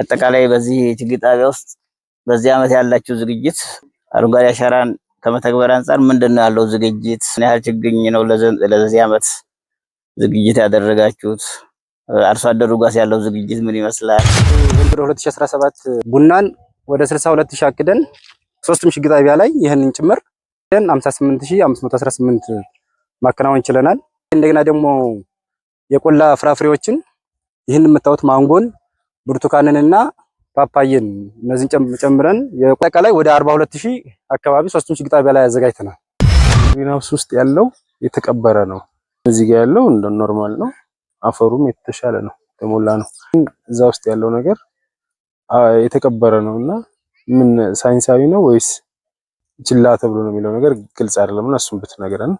አጠቃላይ በዚህ ችግኝ ጣቢያ ውስጥ በዚህ ዓመት ያላችሁ ዝግጅት አረንጓዴ አሻራን ከመተግበር አንጻር ምንድን ነው ያለው ዝግጅት? ምን ያህል ችግኝ ነው ለዚህ ዓመት ዝግጅት ያደረጋችሁት? አርሶ አደሩ ጋስ ያለው ዝግጅት ምን ይመስላል? ዘንድሮ 2017 ቡናን ወደ 62 ሺህ አክደን ሶስቱም ችግኝ ጣቢያ ላይ ይህንን ጭምር 58518 ማከናወን ችለናል። እንደገና ደግሞ የቆላ ፍራፍሬዎችን ይህን የምታዩት ማንጎን ብርቱካንንና ፓፓየን እነዚህን ጨምረን አጠቃላይ ወደ 42 ሺህ አካባቢ ሶስቱን ሺህ ጣቢያ ላይ አዘጋጅተናል። ግሪንሃውስ ውስጥ ያለው የተቀበረ ነው። እዚህ ጋር ያለው እንደ ኖርማል ነው። አፈሩም የተሻለ ነው፣ የተሞላ ነው። እዛ ውስጥ ያለው ነገር የተቀበረ ነው እና ምን ሳይንሳዊ ነው ወይስ ችላ ተብሎ ነው የሚለው ነገር ግልጽ አይደለም እና እሱም ብትነግረን።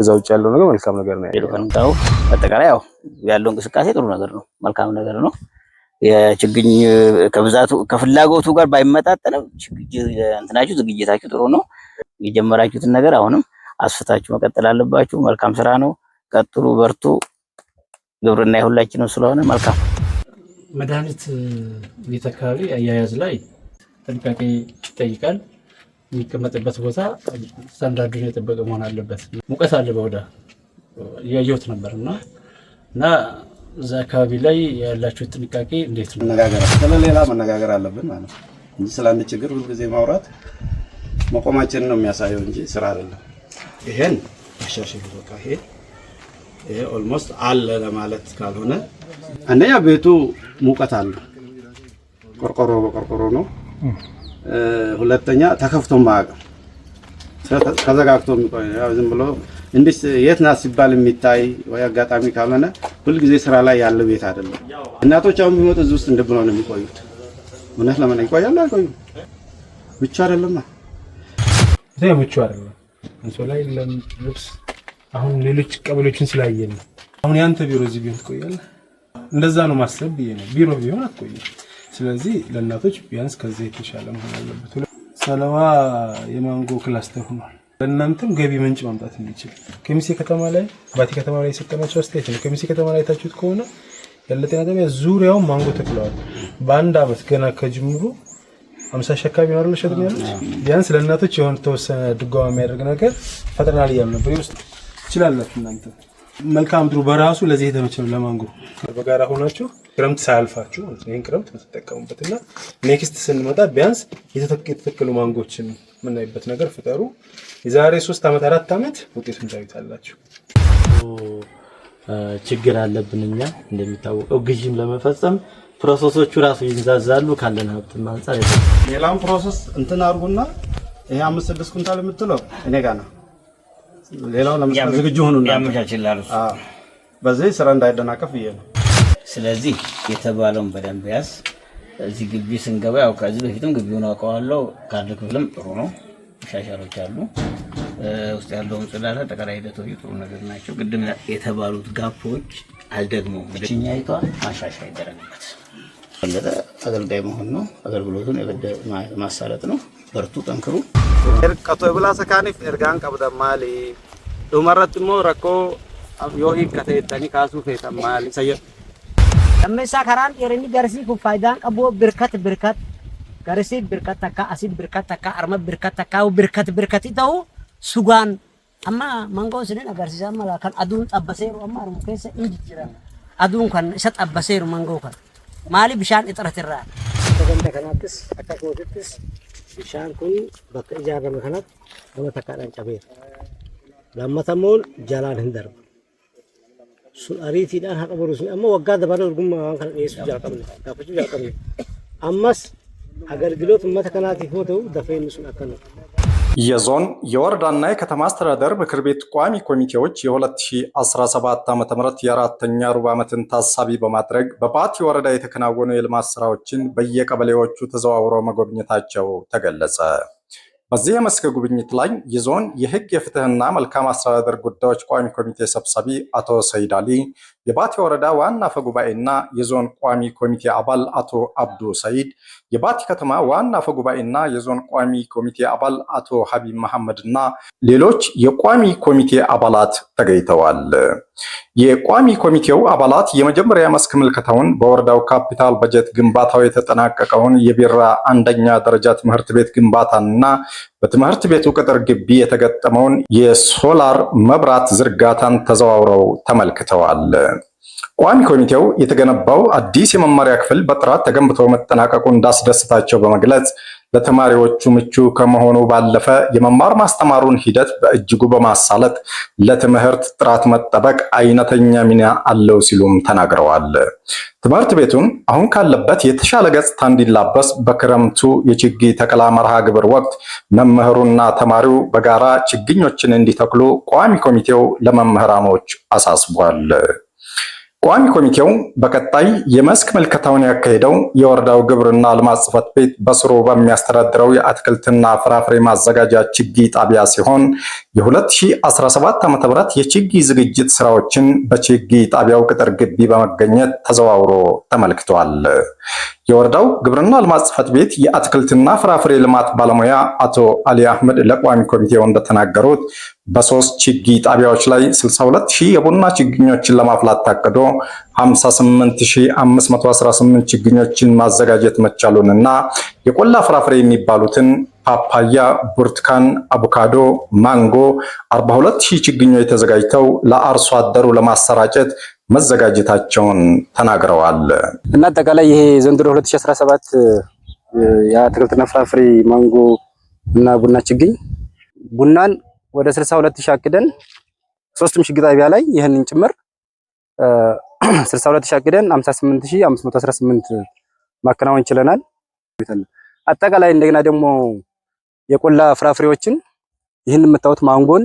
ከዛ ውጭ ያለው ነገር መልካም ነገር ነው ያለው። አጠቃላይ ያው ያለው እንቅስቃሴ ጥሩ ነገር ነው፣ መልካም ነገር ነው። የችግኝ ከብዛቱ ከፍላጎቱ ጋር ባይመጣጠንም እንትናችሁ ዝግጅታችሁ ጥሩ ነው። የጀመራችሁትን ነገር አሁንም አስፍታችሁ መቀጠል አለባችሁ። መልካም ስራ ነው። ቀጥሉ፣ በርቱ። ግብርና የሁላችንም ስለሆነ መልካም። መድኃኒት ቤት አካባቢ አያያዝ ላይ ጥንቃቄ ይጠይቃል። የሚቀመጥበት ቦታ ስታንዳርዱን የጠበቀ መሆን አለበት። ሙቀት አለ በወዳ እያየሁት ነበር እና እና እዛ አካባቢ ላይ ያላችሁ ጥንቃቄ እንዴት ነው? መነጋገር ስለሌላ መነጋገር አለብን ማለት ነው እንጂ ስለ አንድ ችግር ሁሉ ጊዜ ማውራት መቆማችን ነው የሚያሳየው እንጂ ስራ አይደለም። ይሄን አሻሽሉ በቃ ይሄ ይሄ ኦልሞስት አለ ለማለት ካልሆነ አንደኛ ቤቱ ሙቀት አለ፣ ቆርቆሮ በቆርቆሮ ነው። ሁለተኛ ተከፍቶ ማያውቅም፣ ከዘጋግቶ ዝም ብሎ እንዲህ የት ናት ሲባል የሚታይ ወይ አጋጣሚ ካልሆነ ሁልጊዜ ስራ ላይ ያለ ቤት አይደለም። እናቶች አሁን ቢመጡ እዚህ ውስጥ እንደብለው ነው የሚቆዩት። እውነት ለምን ይቆያሉ? አይቆዩም። ብቻ አይደለም እዛ ብቻ አይደለም። እንሶ ላይ ልብስ አሁን ሌሎች ቀበሌዎችን ስላየን ነው። አሁን ያንተ ቢሮ እዚህ ቢሆን ትቆያለ? እንደዛ ነው ማሰብ ብዬ ነው። ቢሮ ቢሆን አትቆይም። ስለዚህ ለእናቶች ቢያንስ ከዚህ የተሻለ መሆን አለበት። ሰለዋ የማንጎ ክላስተር ሆኗል። ለእናንተም ገቢ ምንጭ ማምጣት የሚችል ከሚሴ ከተማ ላይ ባቲ ከተማ ላይ የሰጠናቸው አስተያየት ነው። ከሚሴ ከተማ ላይ የታችሁት ከሆነ ያለ ጤና ጣቢያ ዙሪያውን ማንጎ ተክለዋል። በአንድ አመት ገና ከጅምሩ አምሳ ሺህ አካባቢ ነው ሸጥ ያሉት። ቢያንስ ለእናቶች የሆነ ተወሰነ ድጓማ የሚያደርግ ነገር ፈጥረናል እያሉ ነበር። ይወስድ ይችላላችሁ እናንተ መልካም ምድሩ በራሱ ለዚህ የተመቸ ለማንጎ በጋራ ሆናችሁ ክረምት ሳያልፋችሁ ይህን ክረምት የምትጠቀሙበት እና ኔክስት ስንመጣ ቢያንስ የተተከሉ ማንጎችን የምናይበት ነገር ፍጠሩ። የዛሬ ሶስት ዓመት አራት ዓመት ውጤቱን ታዩታላችሁ። ችግር አለብን እኛ እንደሚታወቀው ግዥም ለመፈጸም ፕሮሰሶቹ ራሱ ይንዛዛሉ። ካለን ሀብት አንጻር ሌላም ፕሮሰስ እንትን አድርጉና ይሄ አምስት ስድስት ኩንታል የምትለው እኔ ጋር ነው ሌላው ለምሳሌ ዝግጁ ሁኑ ያመቻችላሉ። በዚህ ስራ እንዳይደናቀፍ ብዬ ነው። ስለዚህ የተባለውን በደንብ ያዝ። እዚህ ግቢ ስንገባ ያው ከዚህ በፊትም ግቢውን አውቀዋለሁ። ካርድ ክፍልም ጥሩ ነው፣ መሻሻሎች አሉ። ውስጥ ያለውን ጽዳት፣ አጠቃላይ ሂደቶች ጥሩ ነገር ናቸው። ቅድም የተባሉት ጋፖች አልደግሞ አልደግመውም። ብቸኛይቷ ማሻሻያ ይደረግበት። አገልጋይ መሆን ነው፣ አገልግሎቱን የበደ ማሳለጥ ነው። በርቱ፣ ጠንክሩ። kan ቀቶ ብላሰ er, ካኒፍ ኤርጋን e ቀብደ ማሊ ዱመረት er ሞ ረኮ yoo hiikka teettanii kaasuu feetan maali isa jedhu. Lammeessaa karaan dhiironni er garsii kun faayidaan qabu birkat birkat berkat birkat takka asii birkat takka arma birkat takka birkat birkati ta'u sugaan amma mangoo isiniin agarsiisaa mala kan adun xabbaseeru amma armu keessa inji jira aduun kan isa xabbaseeru mangoo kan maali bishaan ixiratirraa. Akka ganda kanaattis akka kootittis bishaan kun bakka ijaarame kanatti nama takkaadhaan cabeera. Lammatammoon jalaan hin darbu. Sun ariitiidhaan haqa boru sun amma waggaa dabalaa dorgummaa waan kana dhiyeessuu jalqabne gaafachuu jalqabne. Ammas agargiloota uummata kanaatiif yoo ta'u dafee inni sun akkana. የዞን የወረዳና የከተማ አስተዳደር ምክር ቤት ቋሚ ኮሚቴዎች የ2017 ዓ ም የአራተኛ ሩብ ዓመትን ታሳቢ በማድረግ በባቲ ወረዳ የተከናወኑ የልማት ስራዎችን በየቀበሌዎቹ ተዘዋውረው መጎብኘታቸው ተገለጸ። በዚህ የመስክ ጉብኝት ላይ የዞን የህግ የፍትህና መልካም አስተዳደር ጉዳዮች ቋሚ ኮሚቴ ሰብሳቢ አቶ ሰይድ አሊ፣ የባቲ ወረዳ ዋና አፈ ጉባኤና የዞን ቋሚ ኮሚቴ አባል አቶ አብዱ ሰይድ፣ የባቲ ከተማ ዋና አፈ ጉባኤና የዞን ቋሚ ኮሚቴ አባል አቶ ሀቢብ መሐመድ እና ሌሎች የቋሚ ኮሚቴ አባላት ተገኝተዋል። የቋሚ ኮሚቴው አባላት የመጀመሪያ መስክ ምልከታውን በወረዳው ካፒታል በጀት ግንባታው የተጠናቀቀውን የቢራ አንደኛ ደረጃ ትምህርት ቤት ግንባታና በትምህርት ቤቱ ቅጥር ግቢ የተገጠመውን የሶላር መብራት ዝርጋታን ተዘዋውረው ተመልክተዋል። ቋሚ ኮሚቴው የተገነባው አዲስ የመማሪያ ክፍል በጥራት ተገንብቶ መጠናቀቁ እንዳስደስታቸው በመግለጽ ለተማሪዎቹ ምቹ ከመሆኑ ባለፈ የመማር ማስተማሩን ሂደት በእጅጉ በማሳለጥ ለትምህርት ጥራት መጠበቅ አይነተኛ ሚና አለው ሲሉም ተናግረዋል። ትምህርት ቤቱን አሁን ካለበት የተሻለ ገጽታ እንዲላበስ በክረምቱ የችግኝ ተከላ መርሃ ግብር ወቅት መምህሩና ተማሪው በጋራ ችግኞችን እንዲተክሉ ቋሚ ኮሚቴው ለመምህራኖች አሳስቧል። ቋሚ ኮሚቴው በቀጣይ የመስክ ምልከታውን ያካሄደው የወረዳው ግብርና ልማት ጽሕፈት ቤት በስሩ በሚያስተዳድረው የአትክልትና ፍራፍሬ ማዘጋጃ ችግኝ ጣቢያ ሲሆን የ2017 ዓ.ም የችግኝ ዝግጅት ስራዎችን በችግኝ ጣቢያው ቅጥር ግቢ በመገኘት ተዘዋውሮ ተመልክቷል። የወረዳው ግብርና ልማት ጽሕፈት ቤት የአትክልትና ፍራፍሬ ልማት ባለሙያ አቶ አሊ አህመድ ለቋሚ ኮሚቴው እንደተናገሩት በሶስት ችግኝ ጣቢያዎች ላይ 62 ሺህ የቡና ችግኞችን ለማፍላት ታቅዶ 58518 ችግኞችን ማዘጋጀት መቻሉን እና የቆላ ፍራፍሬ የሚባሉትን ፓፓያ፣ ብርቱካን፣ አቮካዶ፣ ማንጎ 42 ሺህ ችግኞች ተዘጋጅተው ለአርሶ አደሩ ለማሰራጨት መዘጋጀታቸውን ተናግረዋል። እና አጠቃላይ ይሄ ዘንድሮ 2017 የአትክልትና ፍራፍሬ ማንጎ እና ቡና ችግኝ ቡናን ወደ 62 ሺህ አቅደን ሶስቱም ሽግ ጣቢያ ላይ ይህንን ጭምር 62 ሺህ አቅደን 58518 ማከናወን ችለናል። አጠቃላይ እንደገና ደግሞ የቆላ ፍራፍሬዎችን ይህን የምታዩት ማንጎን፣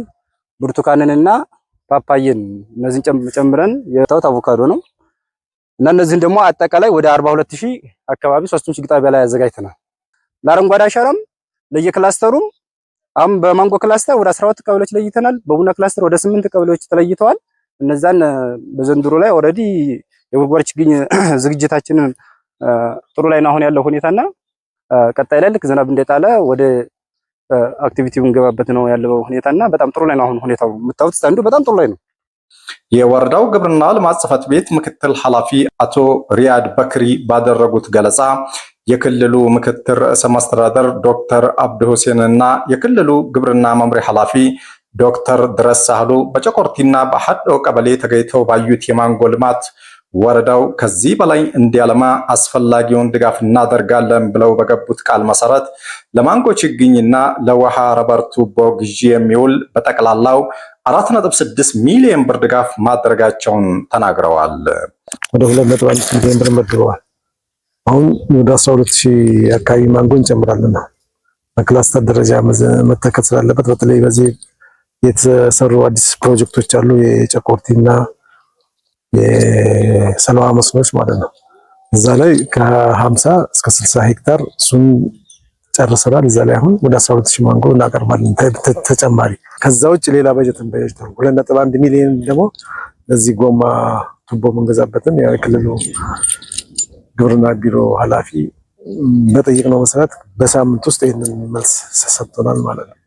ብርቱካንንና ፓፓየን እነዚህን ጨምረን የታዩት አቮካዶ ነው እና እነዚህን ደግሞ አጠቃላይ ወደ 42000 አካባቢ ሶስቱም ሽግ ጣቢያ ላይ አዘጋጅተናል። ለአረንጓዴ አሻራም ለየክላስተሩም አሁን በማንጎ ክላስተር ወደ 12 ቀበሌዎች ለይተናል። በቡና ክላስተር ወደ 8 ቀበሌዎች ተለይተዋል። እነዛን በዘንድሮ ላይ ኦልሬዲ የጉርጓር ችግኝ ዝግጅታችንን ጥሩ ላይ ነው አሁን ያለው ሁኔታና ቀጣይ ላይ ልክ ዝናብ እንደጣለ ወደ አክቲቪቲው እንገባበት ነው ያለው ሁኔታና በጣም ጥሩ ላይ ነው አሁን ሁኔታው። የምታዩት ስታንዱ በጣም ጥሩ ላይ ነው። የወረዳው ግብርና ልማት ጽሕፈት ቤት ምክትል ኃላፊ አቶ ሪያድ በክሪ ባደረጉት ገለጻ የክልሉ ምክትል ርዕሰ መስተዳደር ዶክተር አብዱ ሁሴን እና የክልሉ ግብርና መምሪያ ኃላፊ ዶክተር ድረስ ሳህሉ በጨቆርቲና በሐዶ ቀበሌ ተገኝተው ባዩት የማንጎ ልማት ወረዳው ከዚህ በላይ እንዲያለማ አስፈላጊውን ድጋፍ እናደርጋለን ብለው በገቡት ቃል መሰረት ለማንጎ ችግኝና ለውሃ ረበር ቱቦ ግዢ የሚውል በጠቅላላው 4.6 ሚሊዮን ብር ድጋፍ ማድረጋቸውን ተናግረዋል። ወደ 2.1 ሚሊዮን ብር መድበዋል። አሁን ወደ 12ሺህ አካባቢ ማንጎ እንጨምራለን። በክላስተር ደረጃ መተከል ስላለበት በተለይ በዚህ የተሰሩ አዲስ ፕሮጀክቶች አሉ። የጨቆርቲና የሰለዋ መስኖች ማለት ነው። እዛ ላይ ከ50 እስከ 60 ሄክታር እሱን ጨርሰናል። እዛ ላይ አሁን ወደ ሺህ ማንጎ እናቀርባለን ተጨማሪ። ከዛ ውጭ ሌላ በጀት ነጥብ አንድ ሚሊዮን ደግሞ ለዚህ ጎማ ቱቦ መንገዛበትን የክልሉ ግብርና ቢሮ ኃላፊ በጠየቅነው መሰረት በሳምንት ውስጥ ይህንን መልስ ሰጥቶናል ማለት ነው።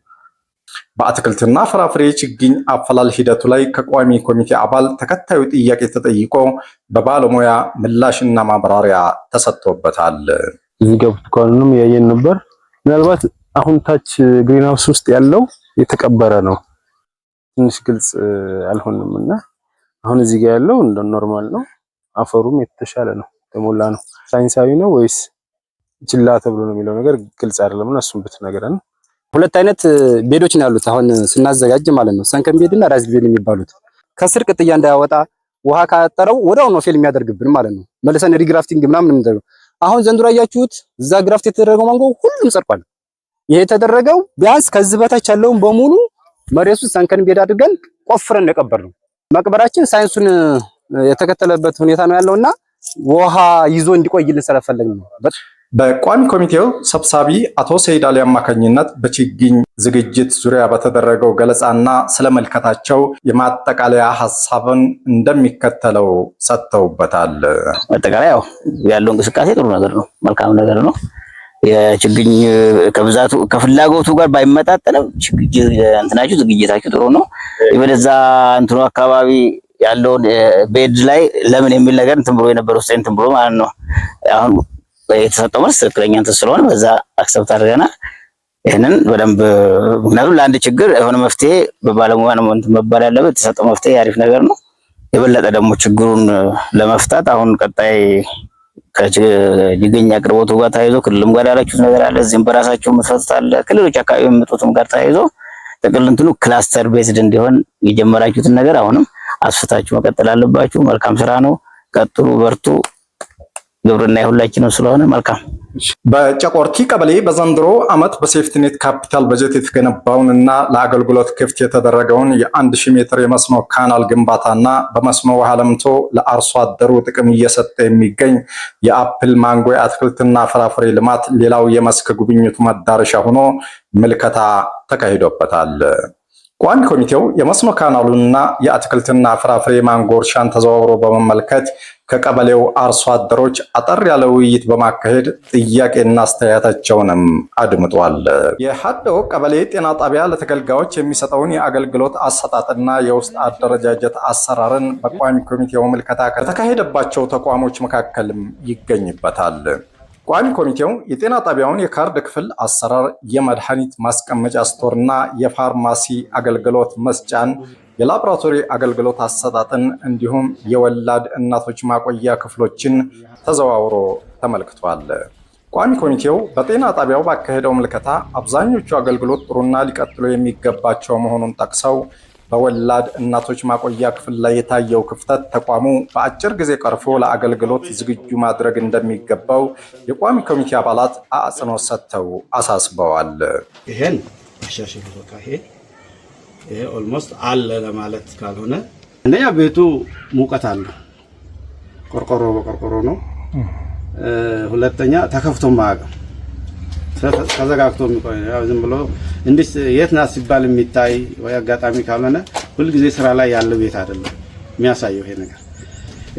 በአትክልትና ፍራፍሬ ችግኝ አፈላል ሂደቱ ላይ ከቋሚ ኮሚቴ አባል ተከታዩ ጥያቄ ተጠይቆ በባለሙያ ምላሽና ማብራሪያ ተሰጥቶበታል። እዚህ ጋ ያየን ነበር። ምናልባት አሁን ታች ግሪንሃውስ ውስጥ ያለው የተቀበረ ነው፣ ትንሽ ግልጽ አልሆንም እና አሁን እዚህ ጋር ያለው እንደ ኖርማል ነው። አፈሩም የተሻለ ነው። የተሞላ ነው። ሳይንሳዊ ነው ወይስ ችላ ተብሎ ነው የሚለው ነገር ግልጽ አይደለም እና እሱም ብትነግረን። ሁለት አይነት ቤዶች ነው ያሉት አሁን ስናዘጋጅ ማለት ነው፣ ሰንከን ቤድ እና ራስ ቤድ የሚባሉት ከስር ቅጥያ እንዳያወጣ ውሃ ካጠረው ወዲያው ነው ፌል የሚያደርግብን ማለት ነው። መልሰን ሪግራፍቲንግ ምናምን የምንደርገው አሁን ዘንድሮ አያችሁት፣ እዛ ግራፍት የተደረገው ማንጎ ሁሉም ጸድቋል። ይሄ የተደረገው ቢያንስ ከዚህ በታች ያለውን በሙሉ መሬቱ ሰንከን ቤድ አድርገን ቆፍረን የቀበር ነው። መቅበራችን ሳይንሱን የተከተለበት ሁኔታ ነው ያለውና ውሃ ይዞ እንዲቆይልን ስለፈለግን ነው። በቋሚ ኮሚቴው ሰብሳቢ አቶ ሰይድ አሊ አማካኝነት በችግኝ ዝግጅት ዙሪያ በተደረገው ገለጻና ስለመልከታቸው የማጠቃለያ ሀሳብን እንደሚከተለው ሰጥተውበታል። አጠቃላይ ያው ያለው እንቅስቃሴ ጥሩ ነገር ነው፣ መልካም ነገር ነው። የችግኝ ከብዛቱ ከፍላጎቱ ጋር ባይመጣጠንም ችግኝ እንትናችሁ ዝግጅታችሁ ጥሩ ነው። የበለዛ እንትኑ አካባቢ ያለውን ቤድ ላይ ለምን የሚል ነገር እንትን ብሎ የነበረ ውስጥ እንትን ብሎ ማለት ነው። አሁን የተሰጠው መልስ ትክክለኛ እንትን ስለሆነ በዛ አክሰብት አድርገናል። ይህንን በደንብ ምክንያቱም ለአንድ ችግር የሆነ መፍትሄ በባለሙያ ነው እንትን መባል ያለበት። የተሰጠው መፍትሄ አሪፍ ነገር ነው። የበለጠ ደግሞ ችግሩን ለመፍታት አሁን ቀጣይ ከችግኝ አቅርቦቱ ጋር ተያይዞ ክልልም ጋር ያላችሁት ነገር አለ። እዚህም በራሳቸው የምትፈቱት አለ። ክልሎች አካባቢ የሚመጡትም ጋር ተያይዞ ጥቅል እንትኑ ክላስተር ቤዝድ እንዲሆን የጀመራችሁትን ነገር አሁንም አስፍታችሁ መቀጠል አለባችሁ። መልካም ስራ ነው። ቀጥሉ፣ በርቱ። ግብርና የሁላችንም ስለሆነ መልካም በጨቆርቲ ቀበሌ በዘንድሮ ዓመት በሴፍቲኔት ካፒታል በጀት የተገነባውን እና ለአገልግሎት ክፍት የተደረገውን የአንድ ሺህ ሜትር የመስኖ ካናል ግንባታና በመስኖ ውሃ ለምቶ ለአርሶ አደሩ ጥቅም እየሰጠ የሚገኝ የአፕል ማንጎ አትክልትና ፍራፍሬ ልማት ሌላው የመስክ ጉብኝቱ መዳረሻ ሆኖ ምልከታ ተካሂዶበታል። ቋሚ ኮሚቴው የመስኖ ካናሉንና የአትክልትና ፍራፍሬ ማንጎ እርሻን ተዘዋውሮ በመመልከት ከቀበሌው አርሶ አደሮች አጠር ያለ ውይይት በማካሄድ ጥያቄና አስተያየታቸውንም አድምጧል። የሀደው ቀበሌ ጤና ጣቢያ ለተገልጋዮች የሚሰጠውን የአገልግሎት አሰጣጥና የውስጥ አደረጃጀት አሰራርን በቋሚ ኮሚቴው ምልከታ ከተካሄደባቸው ተቋሞች መካከልም ይገኝበታል። ቋሚ ኮሚቴው የጤና ጣቢያውን የካርድ ክፍል አሰራር፣ የመድኃኒት ማስቀመጫ ስቶር እና የፋርማሲ አገልግሎት መስጫን፣ የላቦራቶሪ አገልግሎት አሰጣጥን እንዲሁም የወላድ እናቶች ማቆያ ክፍሎችን ተዘዋውሮ ተመልክቷል። ቋሚ ኮሚቴው በጤና ጣቢያው ባካሄደው ምልከታ አብዛኞቹ አገልግሎት ጥሩና ሊቀጥሉ የሚገባቸው መሆኑን ጠቅሰው በወላድ እናቶች ማቆያ ክፍል ላይ የታየው ክፍተት ተቋሙ በአጭር ጊዜ ቀርፎ ለአገልግሎት ዝግጁ ማድረግ እንደሚገባው የቋሚ ኮሚቴ አባላት አጽንኦት ሰጥተው አሳስበዋል። ይሄን በቃ ይሄ ይሄ ኦልሞስት አለ ለማለት ካልሆነ እነኛ ቤቱ ሙቀት አለ፣ ቆርቆሮ በቆርቆሮ ነው። ሁለተኛ ተከፍቶ አያውቅም። ተዘጋግቶ የሚቆይ ዝም ብሎ እንዲህ የት ናት ሲባል የሚታይ ወይ አጋጣሚ ካልሆነ ሁልጊዜ ስራ ላይ ያለ ቤት አይደለም የሚያሳየው ይሄ ነገር።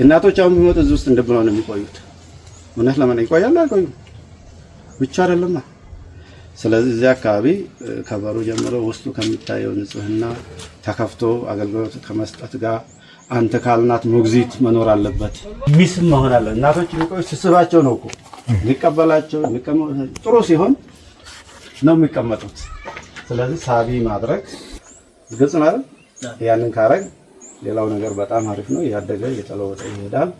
እናቶች አሁን ቢመጡ እዚህ ውስጥ እንደብለው ነው የሚቆዩት። እውነት ለምን ይቆያሉ? አይቆዩም። ብቻ አይደለማ። ስለዚህ እዚህ አካባቢ ከበሩ ጀምሮ ውስጡ ከሚታየው ንጽህና ተከፍቶ አገልግሎት ከመስጠት ጋር አንተ ካልናት ሞግዚት መኖር አለበት። ሚስም መሆን አለ። እናቶች የሚቆዩት ስስባቸው ነው እኮ ሊቀበላቸው ጥሩ ሲሆን ነው የሚቀመጡት። ስለዚህ ሳቢ ማድረግ ግልጽ ነው። ያንን ካረግ ሌላው ነገር በጣም አሪፍ ነው። ያደገ እየተለወጠ ይሄዳል።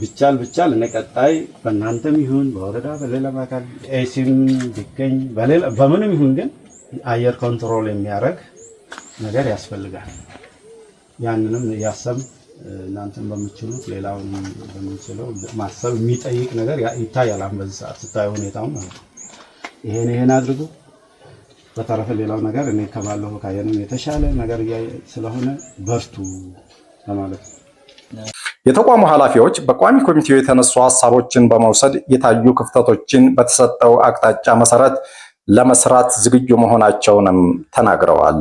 ብቻል ብቻል እኔ ቀጣይ በእናንተም ይሁን በወረዳ በሌላ አካል ኤሲም ቢገኝ በምንም ይሁን ግን አየር ኮንትሮል የሚያደርግ ነገር ያስፈልጋል። ያንንም እያሰብን እናንተን በምችሉት ሌላውን በምችለው ማሰብ የሚጠይቅ ነገር ይታያል። አሁን በዚህ ሰዓት ስታየ ሁኔታውን ማለት ነው። ይሄን ይሄን አድርጉ። በተረፈ ሌላው ነገር እኔ ከባለሁ ካየንም የተሻለ ነገር እያየ ስለሆነ በርቱ ለማለት ነው። የተቋሙ ኃላፊዎች በቋሚ ኮሚቴው የተነሱ ሀሳቦችን በመውሰድ የታዩ ክፍተቶችን በተሰጠው አቅጣጫ መሰረት ለመስራት ዝግጁ መሆናቸውንም ተናግረዋል።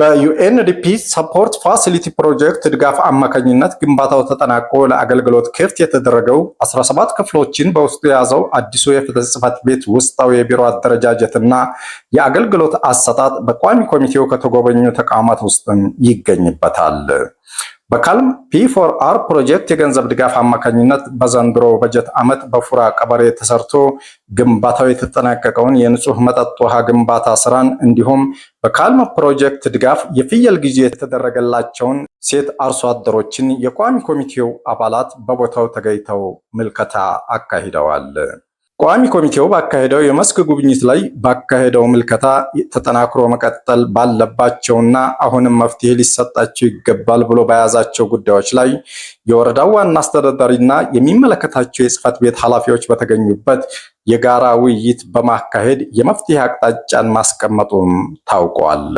በዩኤንዲፒ ሰፖርት ፋሲሊቲ ፕሮጀክት ድጋፍ አማካኝነት ግንባታው ተጠናቆ ለአገልግሎት ክፍት የተደረገው 17 ክፍሎችን በውስጡ የያዘው አዲሱ የፍትህ ጽሕፈት ቤት ውስጣዊ የቢሮ አደረጃጀትና የአገልግሎት አሰጣጥ በቋሚ ኮሚቴው ከተጎበኙ ተቋማት ውስጥም ይገኝበታል። በካልም ፒ4አር ፕሮጀክት የገንዘብ ድጋፍ አማካኝነት በዘንድሮ በጀት ዓመት በፉራ ቀበሬ ተሰርቶ ግንባታው የተጠናቀቀውን የንጹህ መጠጥ ውሃ ግንባታ ስራን እንዲሁም በካልም ፕሮጀክት ድጋፍ የፍየል ጊዜ የተደረገላቸውን ሴት አርሶ አደሮችን የቋሚ ኮሚቴው አባላት በቦታው ተገኝተው ምልከታ አካሂደዋል። ቋሚ ኮሚቴው ባካሄደው የመስክ ጉብኝት ላይ ባካሄደው ምልከታ ተጠናክሮ መቀጠል ባለባቸውና አሁንም መፍትሄ ሊሰጣቸው ይገባል ብሎ በያዛቸው ጉዳዮች ላይ የወረዳው ዋና አስተዳዳሪና የሚመለከታቸው የጽህፈት ቤት ኃላፊዎች በተገኙበት የጋራ ውይይት በማካሄድ የመፍትሄ አቅጣጫን ማስቀመጡም ታውቋል።